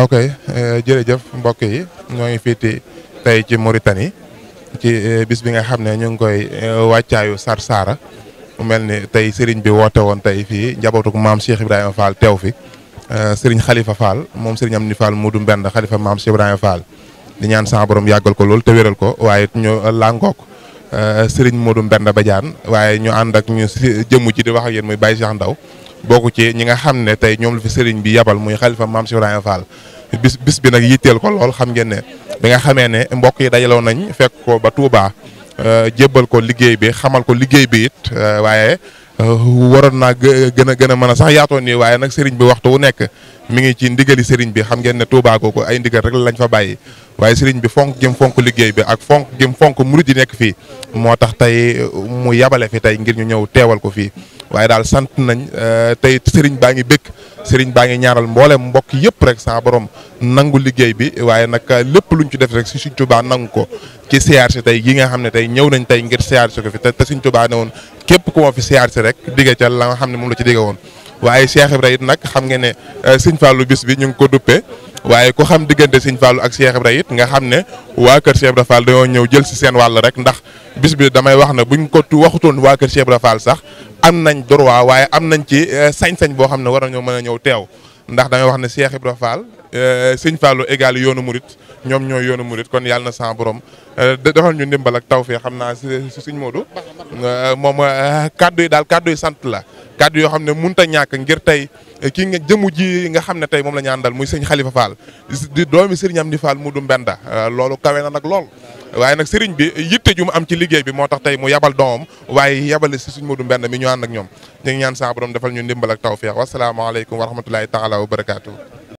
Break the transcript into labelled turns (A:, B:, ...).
A: ok eh, jërëjëf mbokk yi ñoo ngi fiiti tey ci Mauritanie ci eh, bis bi nga xam ne ñu ngi koy eh, wàccaayu Sarsara mu mel ni tey sëriñ bi woote woon tey fii njabootuk maam Cheikh Ibrahima Fall teew fi sëriñ Khalifa Fall moom sëriñ Amdi Fall Modou Mbend Khalifa maam Cheikh Ibrahima faal di ñaan sa borom yàggal ko lool te wéral ko waaye ñu làngook sëriñ Modou Mbend Badiane waaye ñu ànd ak ñu jëmm ci di wax ak yéen muy Baye Cheikh Ndaw bokku ci ñi nga xam ne tey ñoom la fi sëriñ bi yabal muy xalifa maam si Ibrahima Fall bis bis bi nag yitteel ko lool xam ngeen ne bi nga xamee ne mbokk yi dajaloon nañ fekk ko ba Touba euh, jébbal ko liggéey bi xamal ko liggéey bi it euh, waaye euh, waroon naa gën a gën a mën a sax yaatoon waaye nag sëriñ bi waxtu wu nekk mi ngi ci ndigali sëriñ bi xam ngeen ne Touba googu ay ndigal rek lañ fa bàyyi waaye sëriñ bi fonk gim fonk liggéey bi ak fonk gim fonk murid yi nekk fii moo tax tey mu yabale fi tey ngir ñu ñëw teewal ko fii waaye daal sant nañ euh, tey sëriñ baa ngi békk sëriñ baa ngi ñaaral mboolem mbokk yëpp rek sa borom nangu liggéey bi waaye nag lépp luñ ci def rek si Sëriñ Tuubaa nangu ko ci siyaar tey gi nga xam ne tey ñëw nañ tey ngir siyaar ko fi te te Sëriñ ne woon képp ku ma fi siyaar rek digge ca la nga xam ne moom la ci digge woon waaye Cheikh Ibrahima nag xam nga ne euh, Sëriñ Fallou bis bi ñu ngi ko duppe waaye ku xam diggante sëñ Fallou ak Cheikh Ibra it nga xam ne waa kër Cheikh Ibra Fall dañoo ñëw jël si seen wàll rek ndax bis bi damay wax ne buñ ko waxutoon waa kër Cheikh Ibra Fall sax am nañ droit waaye am nañ ci eh, sañ-sañ boo xam ne war nañoo mën a ñëw teew ndax damay wax ne Cheikh Ibra Fall Eh, sëñ Fallou égal yoonu murit ñoom ñooy yoonu murit kon yàlla na sa borom eh, defal ñu ndimbal ak taw fee xam naa sëñ Modou eh, moom kàddu yi daal kàddu yi sant la kàddu yoo xam ne mënut a ñàkk ngir tey kii nga jëmu ji nga xam ne tey moom la ñu àndal muy sëñ Khalifa Fall di doomi sëriñ Amdi Fall mu du Mbenda loolu kawe na nag lool waaye nag sëriñ bi yitte ju mu am ci liggéey bi moo tax tey mu yabal doom waaye yabale si suñ Modou Mbenda mi ñu ànd ak ñoom ñu ngi ñaan sa borom defal ñu ndimbal ak tawfeex wasalaamaaleykum wa rahmatulahi taala wa barakaatu